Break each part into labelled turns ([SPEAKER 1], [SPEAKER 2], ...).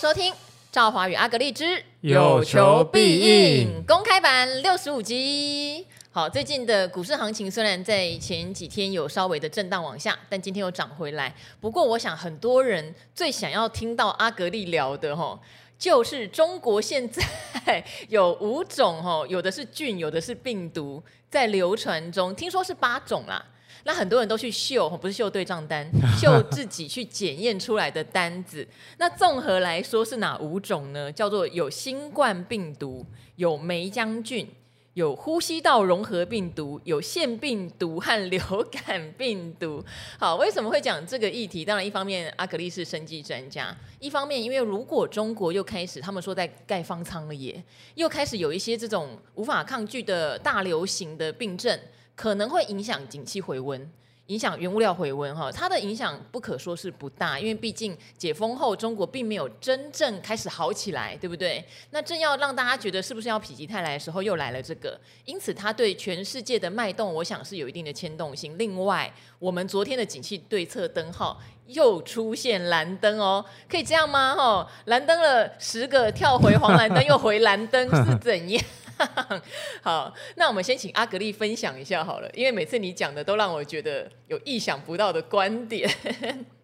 [SPEAKER 1] 收聽趙華與阿格力之有求必應公開版六十五集。好，最近的股市行情雖然在前幾天有稍微的震盪往下，但今天又漲回來。不過，我想很多人最想要聽到阿格力聊的吼，就是中國現在有五種吼，有的是菌，有的是病毒在流傳中。聽說是八種啦。那很多人都去秀，不是秀對賬單，秀自己去檢驗出來的單子。 那綜合來說是哪五種呢？叫做有新冠病毒、有黴漿菌、有呼吸道融合病毒、有腺病毒和流感病毒。好，為什麼會講這個議題？當然，一方面阿格力是生技專家，一方面因為如果中國又開始，他們說在蓋方艙了耶，又開始有一些這種無法抗拒的大流行的病症。可能會影響景氣回溫，影響原物料回溫哈，它的影響不可說是不大，因為畢竟解封後中國並沒有真正開始好起來，對不對？那正要讓大家覺得是不是要否極泰來的時候，又來了這個，因此它對全世界的脈動，我想是有一定的牽動性。另外，我們昨天的景氣對策燈號又出現藍燈哦，可以這樣嗎？哈，藍燈了十個跳回黃藍燈，又回藍燈 是怎樣？ 好，那我們先請阿格力分享一下好了，因為每次你講的都讓我覺得有意想不到的觀點。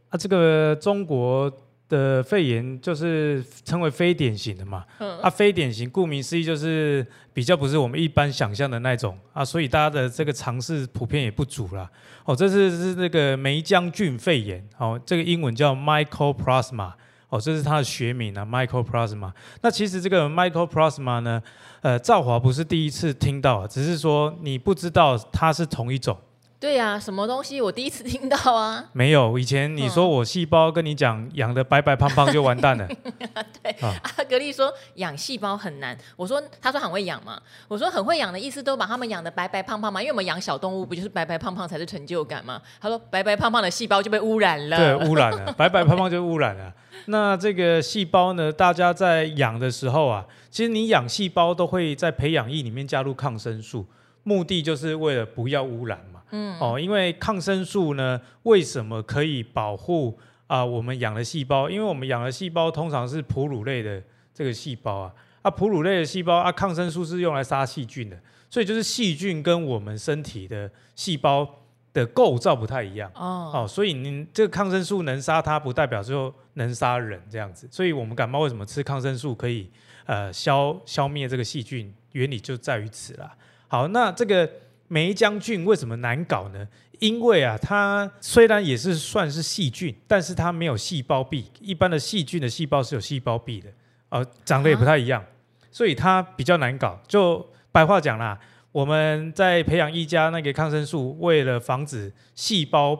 [SPEAKER 2] 啊，這個中國的肺炎就是稱為非典型的嘛，嗯、啊，非典型顧名思義就是比較不是我們一般想象的那種啊，所以大家的這個常識普遍也不足了。哦，這是這是這個黴漿菌肺炎，哦，這個英文叫 Mycoplasma。哦，這是它的學名啊 Mycoplasma。那其實這個 Mycoplasma 呢，呃，趙華不是第一次聽到，只是說你不知道它是同一種。
[SPEAKER 1] 對呀，啊，什麼東西我第一次聽到啊？
[SPEAKER 2] 沒有，以前你說我細胞跟你講養的白白胖胖就完蛋
[SPEAKER 1] 了。 對，哦，阿格力說養細胞很難。我說，他說很會養嘛。我說很會養的意思都把他們養的白白胖胖嘛。因為我們養小動物不就是白白胖胖才是成就感嗎？他說白白胖胖的細胞就被污染了。對，污染了，
[SPEAKER 2] 白白胖胖就污染了。 那這個細胞呢？大家在養的時候啊，其實你養細胞都會在培養液裡面加入抗生素。目的就是為了不要污染嘛。嗯。哦，因為抗生素呢，為什麼可以保護啊、呃？我們養的細胞，因為我們養的細胞通常是哺乳類的這個細胞啊。啊，哺乳類的細胞啊，抗生素是用來殺細菌的，所以就是細菌跟我們身體的細胞的構造不太一樣。哦。哦，所以你這個抗生素能殺它，不代表就能殺人這樣子。所以我們感冒為什麼吃抗生素可以呃消消滅這個細菌，原理就在於此啦。好，那這個黴漿菌為什麼難搞呢？因為啊，它雖然也是算是細菌，但是它沒有細胞壁。一般的細菌的細胞是有細胞壁的，呃，長得也不太一樣，啊、所以它比較難搞。就白話講啦，我們在培養一家那個抗生素，為了防止細胞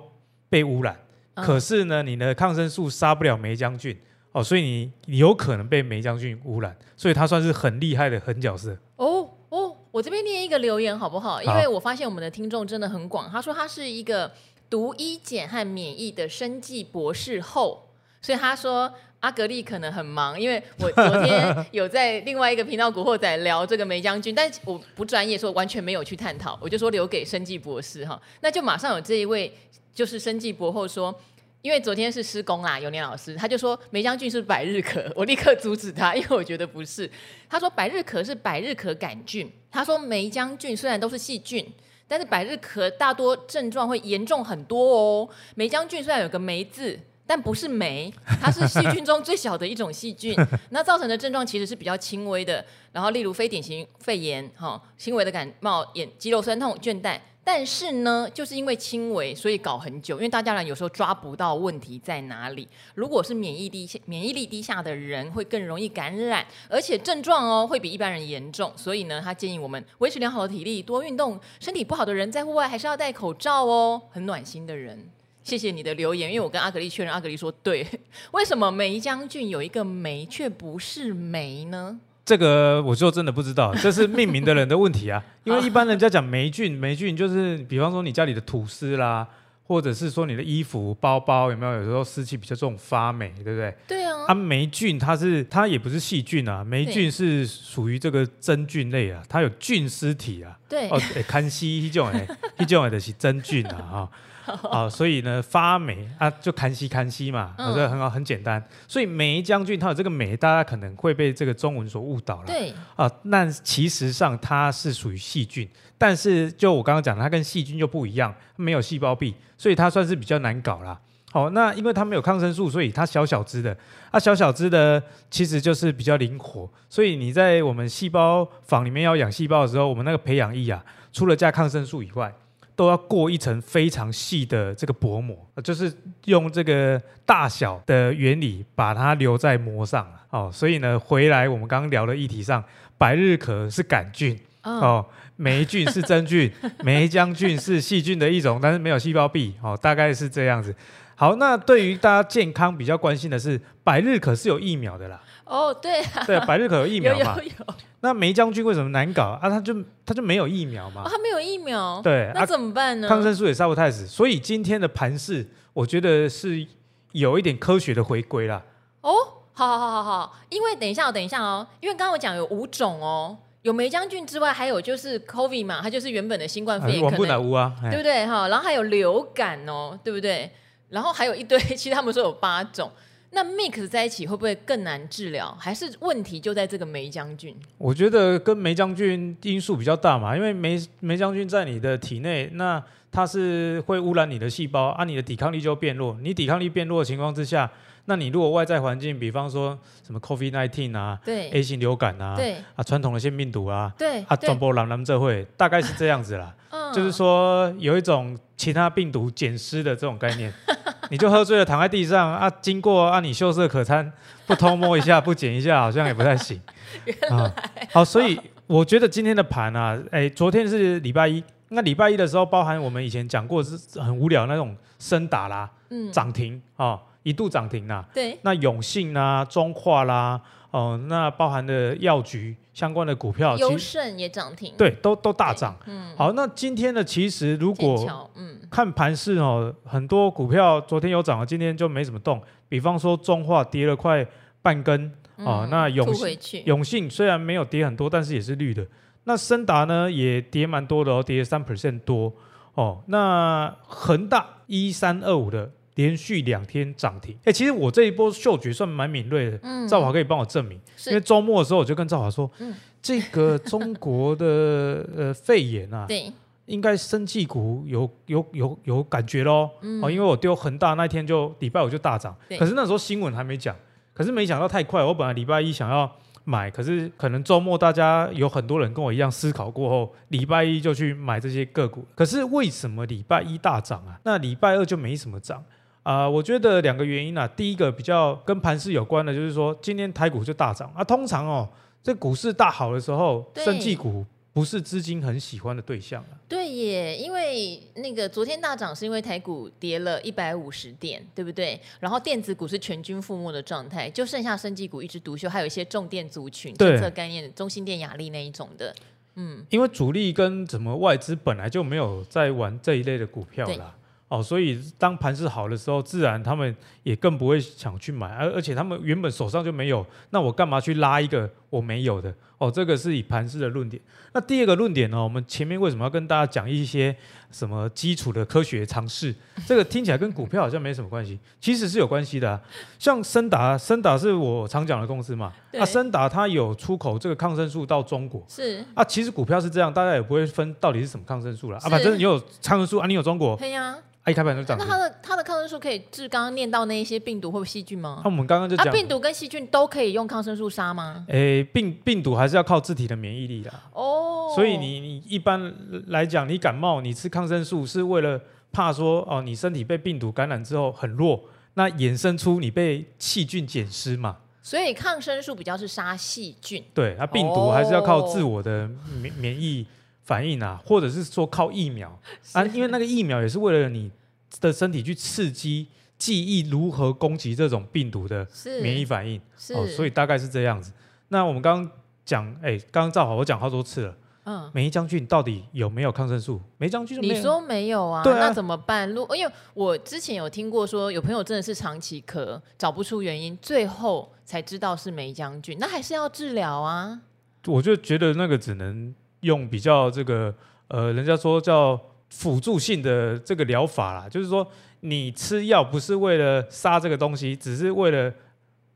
[SPEAKER 2] 被汙染，啊、可是呢，你的抗生素殺不了黴漿菌哦，所以你，你有可能被黴漿菌汙染，所以它算是很厲害的狠角色。
[SPEAKER 1] 我這邊念一個留言好不好？因為我發現我們的聽眾真的很廣。好他說他是一個讀醫檢和免疫的生技博士後，所以他說阿格力可能很忙，因為我昨天有在另外一個頻道《古惑仔》聊這個黴漿菌， 但我不專業，說完全沒有去探討，我就說留給生技博士哈。那就馬上有這一位就是生技博後說。因為昨天是施工啦，尤年老師他就說黴漿菌是百日咳，我立刻阻止他，因為我覺得不是。他說百日咳是百日咳桿菌，他說黴漿菌雖然都是細菌，但是百日咳大多症狀會嚴重很多哦。黴漿菌雖然有個黴字，但不是黴，它是細菌中最小的一種細菌， 那造成的症狀其實是比較輕微的。然後例如非典型肺炎、哈、哦、輕微的感冒、眼肌肉酸痛、倦怠。但是呢，就是因為輕微，所以搞很久。因為大家呢，有時候抓不到問題在哪裡。如果是免疫力免疫力低下的人，會更容易感染，而且症狀哦會比一般人嚴重。所以呢，他建議我們維持良好的體力，多運動。身體不好的人在戶外還是要戴口罩哦。很暖心的人，謝謝你的留言。因為我跟阿格力確認，阿格力說對。為什麼黴漿菌有一個黴卻不是黴呢？
[SPEAKER 2] 這個我就真的不知道，這是命名的人的問題啊。因為一般人家講霉菌，霉菌就是，比方說你家裡的吐司啦，或者是說你的衣服、包包有沒有，有時候濕氣比較重發霉，對不對？對、哦、啊。它霉菌它是它也不是細菌啊，霉菌是屬於這個真菌類啊，它有菌絲體啊。對。哦，看西一種，一種的,種的是真菌啊啊。哦 Oh. 啊，所以呢，發霉啊，就看西看西嘛，我覺得很好，很簡單。所以黴漿菌，它有這個黴，大家可能會被這個中文所誤導了。對啊，那其實上它是屬於細菌，但是就我剛剛講的，它跟細菌就不一樣，沒有細胞壁，所以它算是比較難搞啦。好、哦，那因為它沒有抗生素，所以它小小只的，啊小小只的，其實就是比較靈活。所以你在我們細胞房裡面要養細胞的時候，我們那個培養液啊，除了加抗生素以外，都要過一層非常細的這個薄膜，就是用這個大小的原理把它留在膜上。哦，所以呢，回來我們剛剛聊的議題上，百日咳是桿菌，嗯、哦，霉菌是真菌，霉漿 菌是細菌的一種，但是沒有細胞壁。哦，大概是這樣子。好，那對於大家健康比較關心的是，百日咳是有疫苗的啦。
[SPEAKER 1] 哦，oh, 對啊，對，百日咳有疫苗嘛？ 有有
[SPEAKER 2] 有。那黴漿菌為什麼難搞啊？他就他就沒有疫苗嘛？哦、他沒
[SPEAKER 1] 有疫苗，對，那怎麼辦呢、啊？抗生素
[SPEAKER 2] 也殺不太死。所以今天的盤勢，我覺得是有一點科學的回歸啦。
[SPEAKER 1] 哦，好好好好好，因為等一下、哦，等一下哦，因為剛剛我講有五種哦，有黴漿菌之外，還有就是 COVID 嘛，它就是原本的新冠肺炎，啊、能我不能、
[SPEAKER 2] 啊、對不對
[SPEAKER 1] 哈？然後還有流感哦，對不對？然後還有一堆，其實他們說有八種。那 mix 在一起會不會更難治療？還是問題就在這個黴漿菌？
[SPEAKER 2] 我覺得跟黴漿菌因素比較大嘛，因為黴黴漿菌在你的體內，那它是會污染你的細胞，啊，你的抵抗力就變弱。你抵抗力變弱的情況之下，那你如果外在環境，比方說什麼 COVID nineteen 啊，對，A 型流感啊，對，啊傳統的腺病毒啊，對，啊傳播藍藍這會大概是這樣子啦，啊、嗯，就是說有一種其他病毒撿屍的這種概念。 你就喝醉了躺在地上啊，經過啊你秀色可餐，不偷摸一下 不剪一下好像也不太行啊 來、呃。好，所以我覺得今天的盤啊，哎、欸，昨天是禮拜一，那禮拜一的時候包含我們以前講過是很無聊那種生達啦，漲、嗯、停啊、呃，一度漲停啊，對那永信啊、中化啦，哦、呃，那包含的藥局相關的股票，優
[SPEAKER 1] 勝也漲停，對，
[SPEAKER 2] 都都大漲。嗯，好，那今天呢，其實如果嗯。看盤勢哦，很多股票昨天有漲了，今天就沒怎麼動。比方說，中化跌了快半根啊、嗯哦。那永信永雖然沒有跌很多，但是也是綠的。那森達呢，也跌蠻多的哦，跌了三 percent 多哦。那恆大一三二五的連續兩天漲停。哎、欸，其實我這一波嗅覺算蠻敏銳的。嗯，趙華可以幫我證明，是因為週末的時候我就跟趙華說，嗯、這個中國的 呃肺炎啊，對。應該生技股有有有有感覺咯。嗯、哦，因為我丟恆大那天就禮拜五就大漲，對可是那時候新聞還沒講，可是沒想到太快，我本來禮拜一想要買，可是可能周末大家有很多人跟我一樣思考過後，禮拜一就去買這些個股，可是為什麼禮拜一大漲啊？那禮拜二就沒什麼漲啊、呃？我覺得兩個原因啊，第一個比較跟盤勢有關的，就是說今天台股就大漲啊，通常哦這股市大好的時候，生技對股。不是資金很喜歡的對象了、
[SPEAKER 1] 啊。對耶，因為那個昨天大漲是因為台股跌了一百五十點，對不對？然後電子股是全軍覆沒的狀態，就剩下生技股一枝獨秀，還有一些重電族群、政策概念、對中興電、亞力那一種的。嗯，
[SPEAKER 2] 因為主力跟什麼外資本來就沒有在玩這一類的股票啦，對哦，所以當盤勢好的時候，自然他們也更不會想去買，而而且他們原本手上就沒有，那我幹嘛去拉一個我沒有的？哦，這個是以盤式的論點。那第二個論點呢？我們前面為什麼要跟大家講一些什麼基礎的科學常識？這個聽起來跟股票好像沒什麼關係，其實是有關係的、啊。像森達，森達是我常講的公司嘛。對啊，森達它有出口這個抗生素到中國。是。啊，其實股票是這樣，大家也不會分到底是什麼抗生素了是啊，反正你有抗生素啊，你有中國。可呀。啊，一開盤就漲。那它的
[SPEAKER 1] 它的抗生素可以治剛剛念到那一些病毒或細菌嗎？那、
[SPEAKER 2] 啊、我們剛剛就講。啊，病毒
[SPEAKER 1] 跟細菌都可以用抗生素殺嗎？
[SPEAKER 2] 誒、欸，病病毒還。還是要靠自體的免疫力的、啊、哦，oh. 所以你你一般來講，你感冒你吃抗生素是為了怕說哦，你身體被病毒感染之後很弱，那衍生出你被細菌撿屍嘛。
[SPEAKER 1] 所以抗生素比較是殺細菌，對啊，病毒還是要靠自
[SPEAKER 2] 我的免免疫反應啊，oh. 或者是說靠疫苗是啊，因為那個疫苗也是為了你的身體去刺激記憶如何攻擊這種病毒的免疫反應，哦，所以大概是這樣子。那我們剛，剛。講哎、欸，剛剛造好，我講好多次了。嗯，黴漿菌到底有沒有抗生素？黴漿菌，你說
[SPEAKER 1] 沒有啊？對啊，那怎麼辦？如果因為我之前有聽過說，有朋友真的是長期咳，找不出原因，最後才知道是黴漿菌。那還是要治療啊？
[SPEAKER 2] 我就覺得那個只能用比較這個呃，人家說叫輔助性的這個療法啦，就是說你吃藥不是為了殺這個東西，只是為了。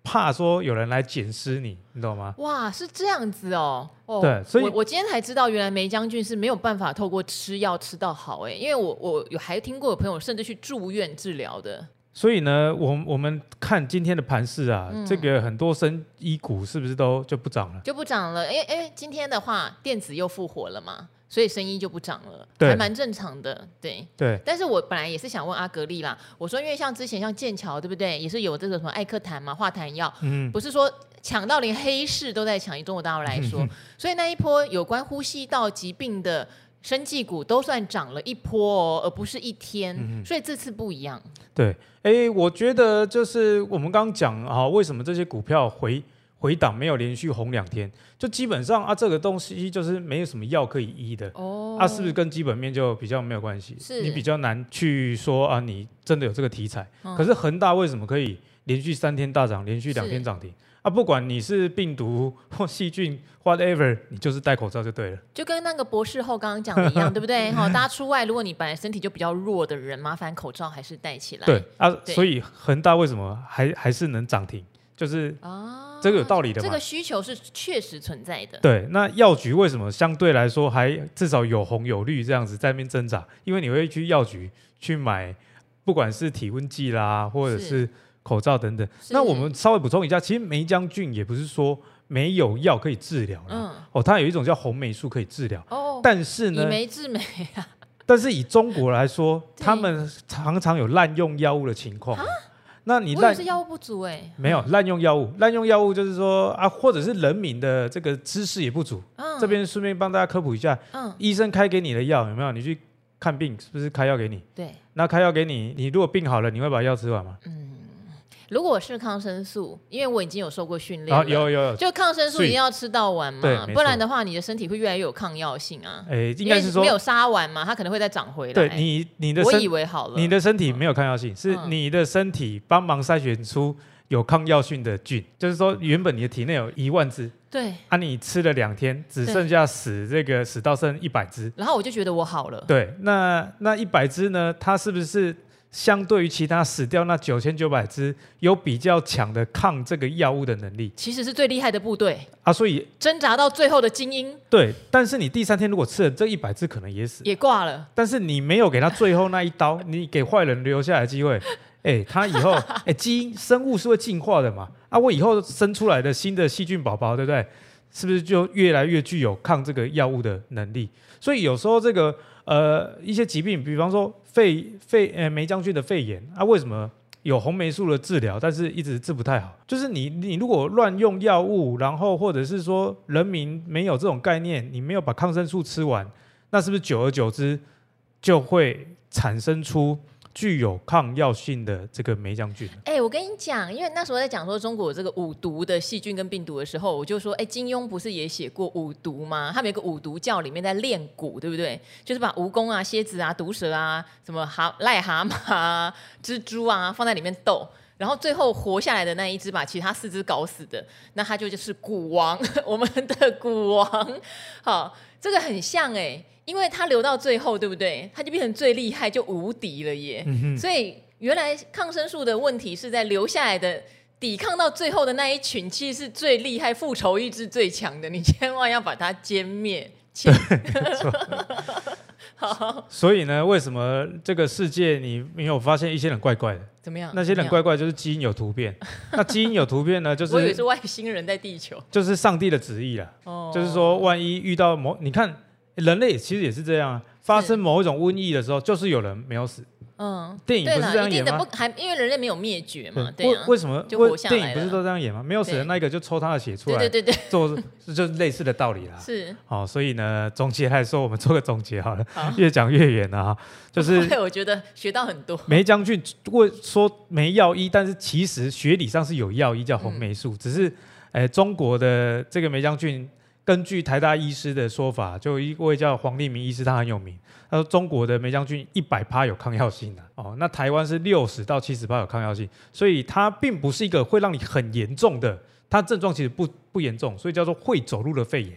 [SPEAKER 2] 怕說有人來撿屍你，你懂嗎？
[SPEAKER 1] 哇，是這樣子哦。哦對，所以我,我今天才知道，原來黴漿菌是沒有辦法透過吃藥吃到好誒、欸，因為我我有還聽過有朋友甚至去住院治療的。
[SPEAKER 2] 所以呢，我我們看今天的盤勢啊，這個很多生醫股是不是都就不漲
[SPEAKER 1] 了？就不漲了。哎哎，今天的話，電子又復活了嗎？所以生意就不漲了，對還蠻正常的，對，對。但是我本來也是想問阿格力啦，我說因為像之前像健喬對不對，也是有這個什麼艾克痰嘛，化痰藥，嗯、不是說搶到連黑市都在搶，以中國大陸來說，嗯、哼所以那一波有關呼吸道疾病的生技股都算漲了一波、哦，而不是一天，嗯、哼所以這次不一樣。
[SPEAKER 2] 對，哎，我覺得就是我們剛,剛講啊，為什麼這些股票回？回檔沒有連續紅兩天，就基本上啊，這個東西就是沒有什麼藥可以醫的哦。Oh, 啊，是不是跟基本面就比較沒有關係？是你比較難去說啊，你真的有這個題材。嗯，可是恆大為什麼可以連續三天大漲，連續兩天漲停？是啊，不管你是病毒或細菌，whatever，你就是戴口罩就對了。
[SPEAKER 1] 就跟那個博士後剛剛講的一樣， 對不對？哦，大家出外，如果你本來身體就比較弱的人，麻煩口罩還是戴起來。對啊，對所以
[SPEAKER 2] 恆大為什麼還還是能漲停？就是啊。Oh. 這個有道理的嗎、啊，這個
[SPEAKER 1] 需求是確實存在的。
[SPEAKER 2] 對，那藥局為什麼相對來說還至少有紅有綠這樣子在那邊掙扎？因為你會去藥局去買，不管是體溫計啦，或者是口罩等等。是那我們稍微補充一下，其實黴漿菌也不是說沒有藥可以治療了、嗯、哦，他有一種叫紅霉素可以治療。哦，
[SPEAKER 1] 但是呢，以黴治黴啊。但是以
[SPEAKER 2] 中國來說，對他們常常有濫用藥物的情況。那你濫用是
[SPEAKER 1] 藥物不足哎、欸，沒
[SPEAKER 2] 有濫用藥物，濫、嗯、用藥物就是說啊，或者是人民的這個知識也不足。嗯，這邊順便幫大家科普一下。嗯，醫生開給你的藥有沒有？你去看病是不是開藥給你？對，那開藥給你，你如果病好了，你會把藥吃完嗎？嗯。
[SPEAKER 1] 如果是抗生素，因為我已經有受過訓練，有有
[SPEAKER 2] 有，就抗生素一定要
[SPEAKER 1] 吃到完嘛，不然的話，你的身體會越來越有抗藥性啊。誒，應該是說沒有殺完嘛，它可能會再長回來。對，你你的我以為好了，你
[SPEAKER 2] 的身體沒有抗藥性，是你的身體幫忙篩選出有抗藥性的菌，就是說原本你的體內有一萬隻，對，啊，你吃了兩天，只剩下死這個死到剩一百隻，然
[SPEAKER 1] 後我就覺得我好了。
[SPEAKER 2] 對，那那一百隻呢？它是不是？相對於其他死掉那九千九百隻，有比較強的抗這個藥物的能力，其
[SPEAKER 1] 實是最厲害的部隊啊！所以掙扎到最後的精英，
[SPEAKER 2] 對。但是你第三天如果吃了這一百隻，可能也死，
[SPEAKER 1] 也掛了。
[SPEAKER 2] 但是你沒有給他最後那一刀， 你給壞人留下來的機會。誒，他以後，誒，基因生物是會進化的嘛？啊，我以後生出來的新的細菌寶寶，對不對？是不是就越來越具有抗這個藥物的能力？所以有時候這個呃一些疾病，比方說。肺、肺、呃、黴漿菌的肺炎，啊為什麼有紅黴素的治療，但是一直治不太好？就是你你如果亂用藥物，然後或者是說人民沒有這種概念，你沒有把抗生素吃完，那是不是久而久之就會產生出？具有抗藥性的這個黴漿菌。
[SPEAKER 1] 哎，我跟你講，因為那時候在講說中國有這個五毒的細菌跟病毒的時候，我就說，哎、欸，金庸不是也寫過五毒嗎？他們有一個五毒教，裡面在練蠱，對不對？就是把蜈蚣啊、蠍子啊、毒蛇啊、什麼蛤、癩蛤蟆、啊蜘啊、蜘蛛啊，放在裡面鬥。然後最後活下來的那一隻把其他四隻搞死的，那它就就是股王，我們的股王。好，這個很像哎，因為它留到最後，對不對？它就變成最厲害，就無敵了耶。嗯、哼所以原來抗生素的問題是在留下來的，抵抗到最後的那一群，其實是最厲害，復仇意志最強的，你千萬要把它殲滅。 好
[SPEAKER 2] 所以呢，為什麼這個世界你沒有發現一些人怪怪的？怎麼樣？那些人怪怪就是基因有突變。 那基因有突變呢，就是我以為
[SPEAKER 1] 是外星人在地球，
[SPEAKER 2] 就是上帝的旨意啦。哦，就是說萬一遇到某，你看人類其實也是這樣啊，發生某一種瘟疫的時候，是。就是有人沒有死。
[SPEAKER 1] 嗯，電影不是這樣演嗎的，不還因為人類沒有滅絕嘛？對，對啊、為什麼？為電影不是都這樣演嗎？沒有死人，那
[SPEAKER 2] 一個就抽他的血出來，對對，對對對，做就類似的道理啦。 是，好、哦，所以呢，總結來說，我們做個總結好了，好越講越遠了哈、啊。就是
[SPEAKER 1] 我，我覺得學到很多。黴漿
[SPEAKER 2] 菌為說，沒藥醫，但是其實學理上是有藥醫，叫紅霉素，嗯、只是，哎、呃，中國的這個黴漿菌。根據台大醫師的說法，就一位叫黃立民醫師，他很有名。他說，中國的黴漿菌一百趴有抗藥性的、啊、哦，那台灣是六十到七十趴有抗藥性，所以它並不是一個會讓你很嚴重的，它症狀其實不不嚴重，所以叫做會走路的肺炎，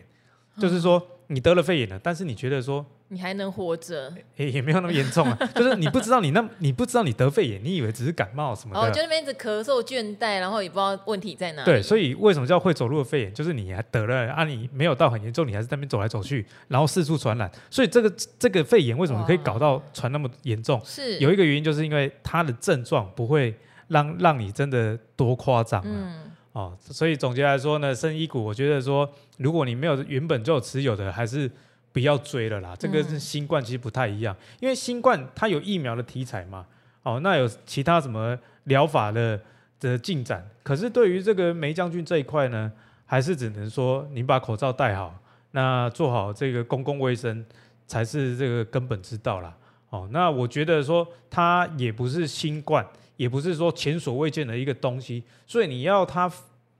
[SPEAKER 2] 嗯、就是說。你得了肺炎了，但是你覺得說
[SPEAKER 1] 你還能活着，
[SPEAKER 2] 也、欸、也沒有那麼嚴重啊， 就是你不知道你那，你不知道你得肺炎，你以為只是感冒什麼的，哦，就那
[SPEAKER 1] 邊一直咳嗽倦怠，然後也不知道問題在哪裡。對，
[SPEAKER 2] 所以為什麼叫會走路的肺炎？就是你還得了啊，你沒有到很嚴重，你還是在那邊走來走去，然後四處傳染。所以這個這個肺炎為什麼可以搞到傳那麼嚴重？是有一個原因，就是因為它的症狀不會讓讓你真的多誇張、啊、嗯。哦，所以總結來說呢，生醫股我覺得說，如果你沒有原本就有持有的，還是不要追了啦。這個是新冠其實不太一樣，嗯、因為新冠它有疫苗的題材嘛，哦，那有其他什麼療法的的進展。可是對於這個黴漿菌這一塊呢，還是只能說你把口罩戴好，那做好這個公共衛生才是這個根本之道啦。哦，那我覺得說，它也不是新冠。也不是說前所未見的一個東西，所以你要他，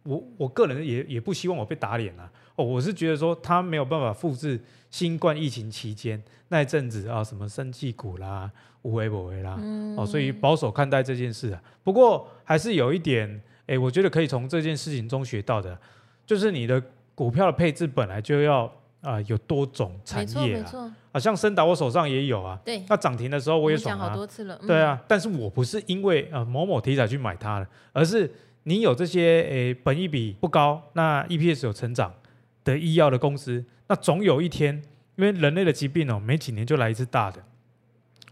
[SPEAKER 2] 我我個人也也不希望我被打臉了哦，我是覺得說他沒有辦法複製新冠疫情期間那一陣子啊，哦，什麼生技股啦，無為不為啦，嗯、哦，所以保守看待這件事啊。不過還是有一點，誒，我覺得可以從這件事情中學到的，就是你的股票的配置本來就要。啊、呃，有多種產業啊，啊像森達，我手上也有啊。對，那漲、啊、停的時候我也爽啊。好多次了，對、嗯、啊，但是我不是因為、呃、某某題材去買它的，而是你有這些誒、呃，本益比不高，那 EPS 有成長的醫藥的公司，那總有一天，因為人類的疾病哦，每幾年就來一次大的，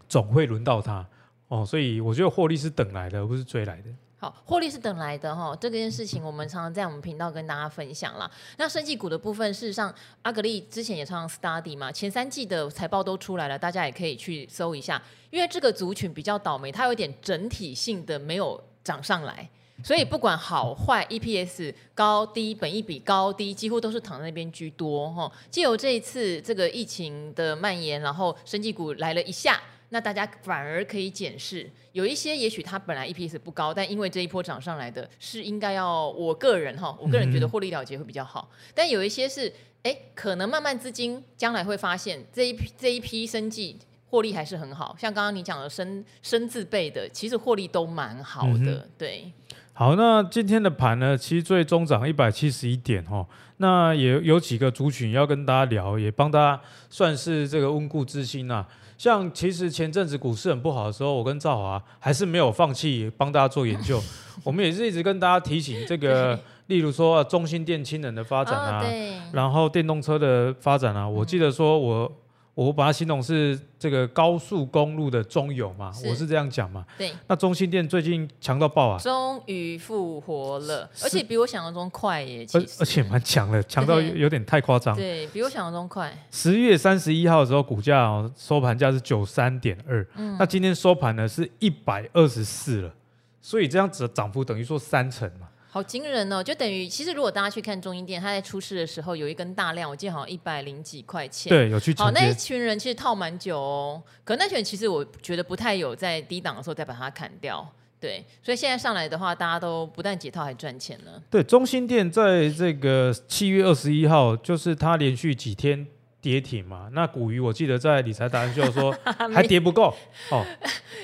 [SPEAKER 2] 總會輪到它哦。所以我覺得獲利是等來的，而不是追來的。
[SPEAKER 1] 好，獲利是等來的哈、哦，這個件事情我們常常在我們頻道跟大家分享了。那生技股的部分，事實上，阿格力之前也常常 study 嘛，前三季的財報都出來了，大家也可以去搜一下。因為這個族群比較倒霉，它有一點整體性的沒有漲上來，所以不管好壞，EPS 高低、本益比高低，幾乎都是躺在那邊居多哈、哦。借由這一次這個疫情的蔓延，然後生技股來了一下。那大家反而可以檢視，有一些也許它本來 EPS 不高，但因為這一波漲上來的是應該要我個人哈，我個人覺得獲利了結會比較好。嗯、哼但有一些是哎、欸，可能慢慢資金將來會發現，這一批這一批生技獲利還是很好，像剛剛你講的生生字輩的，其實獲利都蠻好的。嗯、哼對，
[SPEAKER 2] 好，那今天的盤呢，其實最終漲一百七十一點哈，那也有幾個族群要跟大家聊，也幫大家算是這個溫故知新啊。像其實前陣子股市很不好的時候，我跟趙華還是沒有放棄幫大家做研究。 我們也是一直跟大家提醒這個，對例如說、啊、中興電氫能的發展啊，oh, 對然後電動車的發展啊。我記得說我。我把它形容是這個高速公路的中油嘛，是我是這樣講嘛。對，那中興電最近強到爆啊，
[SPEAKER 1] 終於復活了，是而且比我想象中快耶，而
[SPEAKER 2] 且蠻強的，強到有，對有點太誇張了。
[SPEAKER 1] 對，比我想象中快。
[SPEAKER 2] 十月三十一號的時候，股價、哦、收盤價是九三點二，嗯、那今天收盤呢是一百二十四了，所以這樣子的漲幅等於說三成嘛。
[SPEAKER 1] 好驚人哦！就等於其實如果大家去看中興電，他在出事的時候有一根大量，我記得好像一百零幾塊錢。對，有去接好那一群人其實套蠻久哦，可那群人其實我覺得不太有在低檔的時候再把它砍掉。對，所以現在上來的話，大家都不但解套還賺錢呢。
[SPEAKER 2] 對，中興電在這個七月二十一號，就是他連續幾天。跌停嘛。那股魚我記得在理財達人秀就說還跌不夠。
[SPEAKER 1] 哦、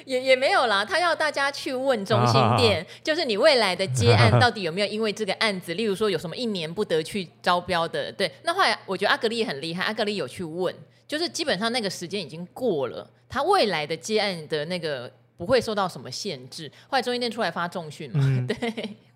[SPEAKER 1] 也也沒有啦。他要大家去問中興電，啊啊啊啊啊就是你未來的接案到底有沒有因為這個案子，哈哈哈哈例如說有什麼一年不得去招標的。對，那後來我覺得阿格力很厲害，阿格力有去問，就是基本上那個時間已經過了，他未來的接案的那個不會受到什麼限制。後來中興電出來發重訊嘛，嗯、對。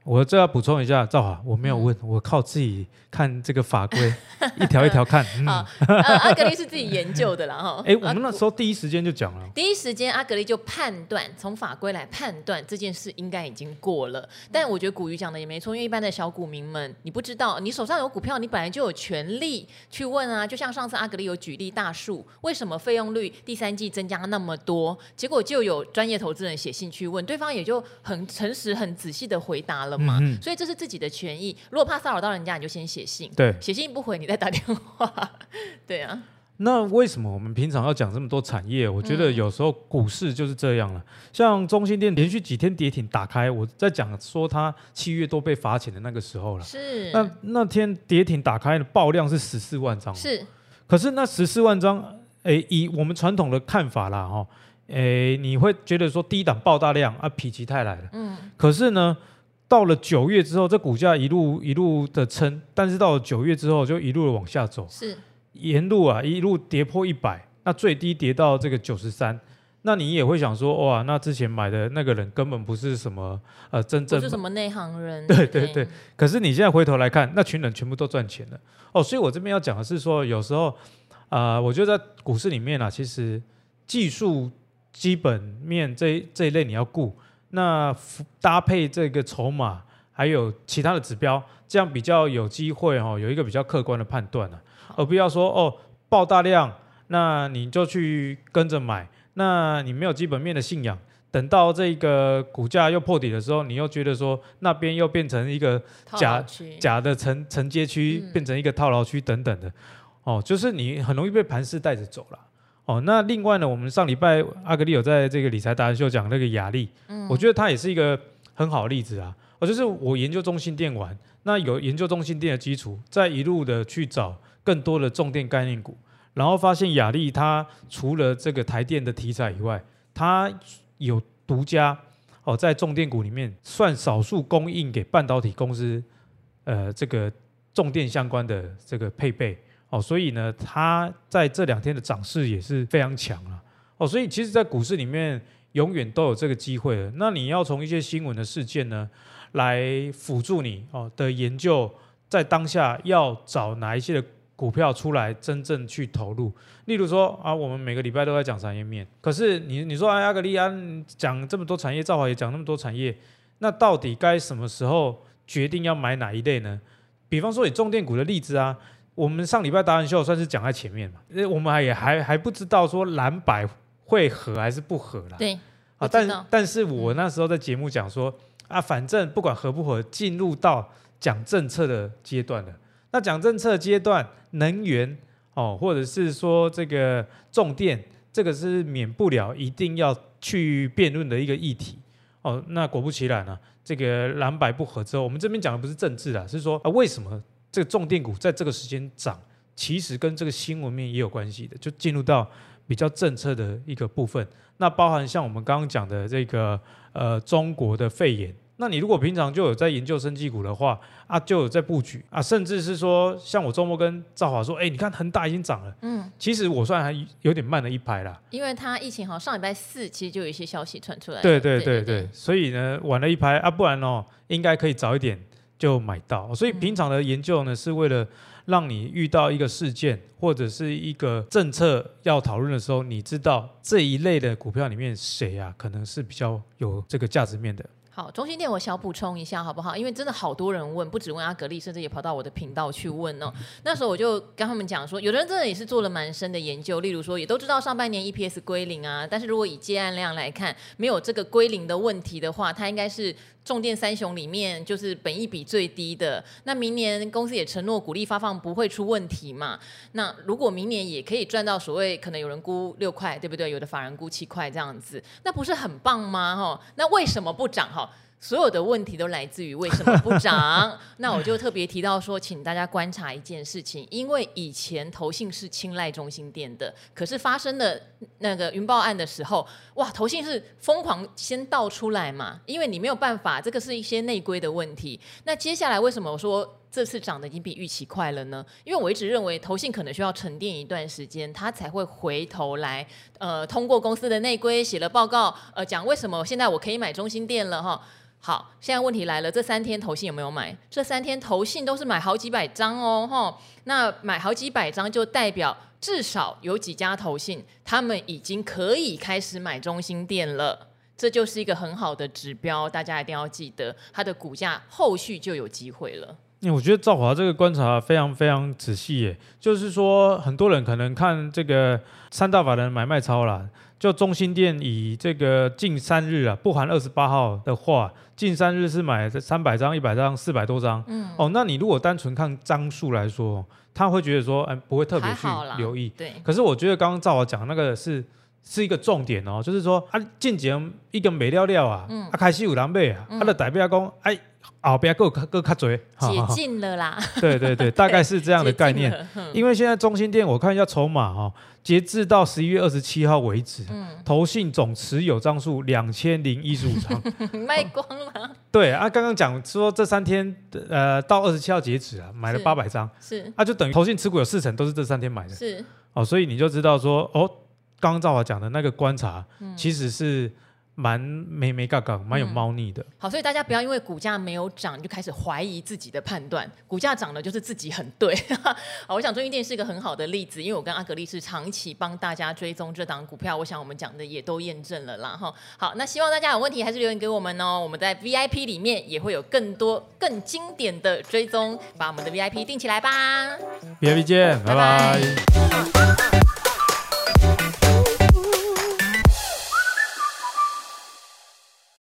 [SPEAKER 2] 我這要補充一下，趙華我沒有問，嗯、我靠自己看這個法規， 一條一條看。 嗯、呃，阿格力是自己
[SPEAKER 1] 研究的啦。哈，哎、欸，啊、我們那
[SPEAKER 2] 時候第一時間就講了、
[SPEAKER 1] 啊。第一時間，阿格力就判斷，從法規來判斷這件事應該已經過了。嗯、但我覺得古魚講的也沒錯，因為一般的小股民們，你不知道，你手上有股票，你本來就有權利去問啊。就像上次阿格力有舉例大樹，為什麼費用率第三季增加那麼多，結果就有專業投資人寫信去問，對方也就很誠實、很仔細的回答了。嗯、所以這是自己的權益。如果怕騷擾到人家，你就先寫信。對，寫信不回，你再打電話。 對啊。那
[SPEAKER 2] 為什麼我們平常要講這麼多產業？我覺得有時候股市就是這樣了。嗯、像中興電連續幾天跌停打開，我在講說它七月都被罰錢的那個時候了。是那。那天跌停打開的爆量是十四萬張。是。可是那十四萬張，哎、欸，以我們傳統的看法啦，哈，哎，你會覺得說低檔爆大量啊，否極泰來了嗯。可是呢？到了九月之後，這股價一路一路的撐，但是到了九月之後就一路的往下走，是沿路啊一路跌破一百，那最低跌到這個九十三，那你也會想說哇，那之前買的那個人根本不是什麼呃真正不是什
[SPEAKER 1] 麼內行人，買對對
[SPEAKER 2] 對。嗯、可是你現在回頭來看，那群人全部都賺錢了哦，所以我這邊要講的是說，有時候啊、呃，我覺得在股市裡面啊，其實技術、基本面這這一類你要顧。那搭配這個籌碼，還有其他的指標，這樣比較有機會哦，有一個比較客觀的判斷呢、啊，好而不要說哦爆大量，那你就去跟着買，那你沒有基本面的信仰，等到這個股價又破底的時候，你又覺得說那邊又變成一個假假的承承接區，嗯、變成一個套牢區等等的，哦，就是你很容易被盤勢帶着走了。哦，那另外呢，我們上禮拜阿格力有在這個理財達人秀講那個亞力，嗯、我覺得它也是一個很好的例子啊。我就是我研究中興電完，那有研究中興電的基礎，再一路的去找更多的重電概念股，然後發現亞力它除了這個台電的題材以外，它有獨家哦，在重電股裡面算少數供應給半導體公司，呃，這個重電相關的這個配備。哦，所以呢，它在這兩天的漲勢也是非常強啊。哦，所以其實，在股市裡面，永遠都有這個機會的。那你要從一些新聞的事件呢，來輔助你哦的研究，在當下要找哪一些的股票出來真正去投入。例如說啊，我們每個禮拜都在講產業面，可是你你說，啊、哎，阿格力講這麼多產業，兆華也講那麼多產業，那到底該什麼時候決定要買哪一類呢？比方說，以重電股的例子啊。我們上禮拜達人秀算是講在前面嘛，因為我們也還還不知道說藍白會合還是不合啦。
[SPEAKER 1] 對，啊，但
[SPEAKER 2] 但是我那時候在節目講說啊，反正不管合不合，進入到講政策的階段了。那講政策的階段，能源哦，或者是說這個重電，這個是免不了一定要去辯論的一個議題哦。那果不其然啊，這個藍白不合之後，我們這邊講的不是政治啦，是說啊，為什麼？這個重電股在這個時間漲，其實跟這個新聞面也有關係的，就進入到比較政策的一個部分。那包含像我們剛剛講的這個，呃，中國的肺炎。那你如果平常就有在研究生技股的話，啊，就有在布局啊，甚至是說，像我周末跟趙華說，哎、欸，你看恆大已經漲了，嗯，其實我算還有點慢了一拍啦，
[SPEAKER 1] 因為他疫情好像上禮拜四其實就有一些消息傳出來，對對對對，對
[SPEAKER 2] 對對，所以呢，晚了一拍啊，不然哦，應該可以早一點。就買到，所以平常的研究呢，是為了讓你遇到一個事件或者是一個政策要討論的時候，你知道這一類的股票裡面誰啊，可能是比較有這個價值面的。
[SPEAKER 1] 好，中興電我想補充一下好不好？因為真的好多人問，不止問阿格力，甚至也跑到我的頻道去問哦、喔。那時候我就跟他們講說，有的人真的也是做了蠻深的研究，例如說也都知道上半年 EPS 歸零啊，但是如果以接案量來看，沒有這個歸零的問題的話，它應該是。重電三雄裡面就是本益比最低的，那明年公司也承諾股利發放不會出問題嘛？那如果明年也可以賺到所謂可能有人估六塊，對不對？有的法人估七塊這樣子，那不是很棒嗎？吼，那為什麼不漲？吼！所有的問題都來自於為什麼不漲？ 那我就特別提到說，請大家觀察一件事情，因為以前投信是青睞中興電的，可是發生的那個雲豹案的時候，哇，投信是瘋狂先倒出來嘛，因為你沒有辦法，這個是一些內規的問題。那接下來為什麼我說這次漲的已經比預期快了呢？因為我一直認為投信可能需要沉澱一段時間，它才會回頭來，呃，通過公司的內規寫了報告，呃，講為什麼現在我可以買中興電了哈。好，現在問題來了，這三天投信有沒有買？這三天投信都是買好幾百張哦，哈、哦，那買好幾百張就代表至少有幾家投信，他們已經可以開始買中興電了，這就是一個很好的指標，大家一定要記得，它的股價後續就有機會了。
[SPEAKER 2] 那、欸、我覺得趙華這個觀察非常非常仔細，耶，就是說很多人可能看這個三大法人買賣超啦就中興電以這個近三日啊，不含二十八號的話，近三日是買三百張、一百張、四百多張。嗯、哦，那你如果單純看張數來說，他會覺得說，嗯、哎，不會特別去留意。可是我覺得剛剛趙老講那個是是一個重點哦，就是說啊，進前一個美料料、嗯、啊，啊開始有人買、嗯、啊，啊就代表講哎。哦，不要各各卡嘴，解禁了啦，好
[SPEAKER 1] 好好。對
[SPEAKER 2] 對對，大概是這樣的概念。嗯、因為現在中興電，我看一下籌碼哈，截至到十一月二十七號為止，嗯、投信總持有張數兩千零一十五張，
[SPEAKER 1] 賣光了
[SPEAKER 2] 啦、哦。對啊，剛剛講說這三天，呃，到二十七號截止啊，買了八百張，是，那、啊、就等於投信持股有四成都是這三天買的。
[SPEAKER 1] 是，
[SPEAKER 2] 哦，所以你就知道說，哦，剛剛照我講的那個觀察，嗯、其實是。蠻沒沒敢講，蠻有貓膩的、嗯。
[SPEAKER 1] 好，所以大家不要因為股價沒有漲就開始懷疑自己的判斷，股價漲了就是自己很對。 好，我想中興電是一個很好的例子，因為我跟阿格力是長期幫大家追蹤這檔股票，我想我們講的也都驗證了啦。哈，好，那希望大家有問題還是留言給我們哦、喔。我們在 VIP 裡面也會有更多更經典的追蹤，把我們的 VIP 訂起來吧。
[SPEAKER 2] VIP 見好，拜拜 bye。